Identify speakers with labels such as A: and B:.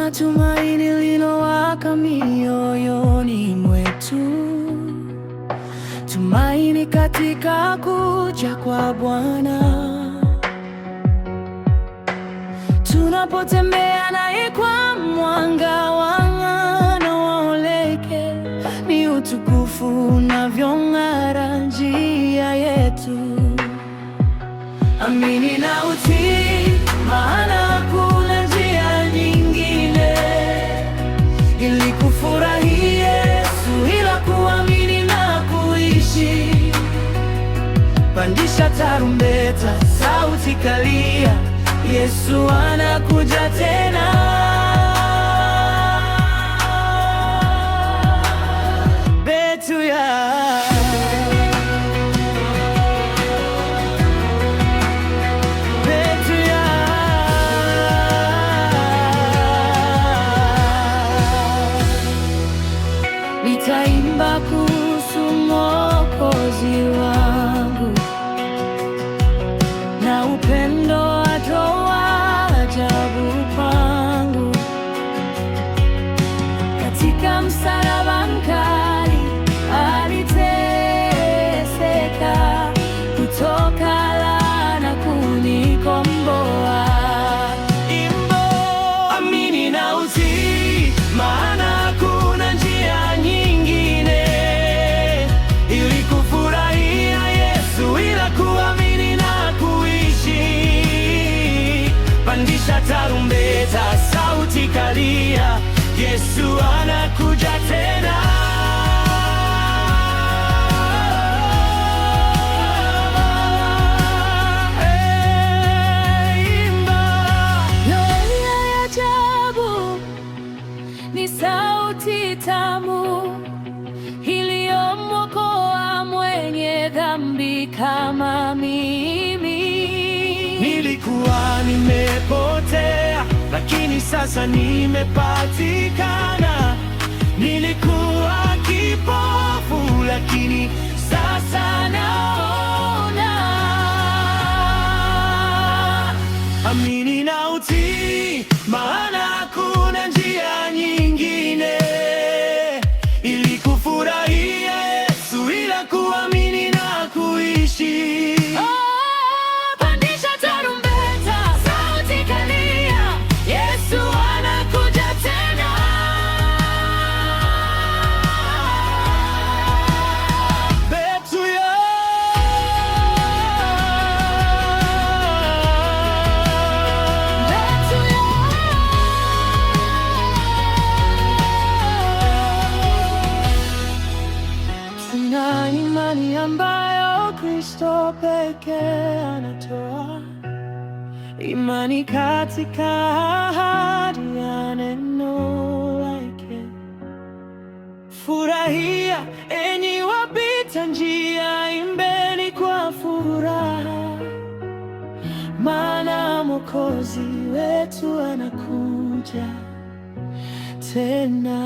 A: Kuna tumaini lilowaka mioyoni mwetu, tumaini katika kuja kwa Bwana. Tunapotembea naye kwa mwanga wang'aa na waoleke, ni utukufu unavyong'ara njia yetu.
B: Amini na utii ili kufurahia Yesu, ila kuamini na kuishi. Pandisha tarumbeta, sauti kalia, Yesu anakuja tena. double na tarumbeta, sauti kalia, Yesu anakuja tena. Hey, imba
A: Lori ya ajabu, ni sauti tamu iliyomwokoa mwenye dhambi kama mimi
B: nilikuwa nimepotea, lakini sasa nimepatikana. Nilikuwa kipofu, lakini sasa naona. Amini na utii, maana
A: pekee anatoa imani katika ahadi ya neno lake. Furahia enyi wapita njia, imbeni kwa furaha, maana Mwokozi wetu anakuja tena.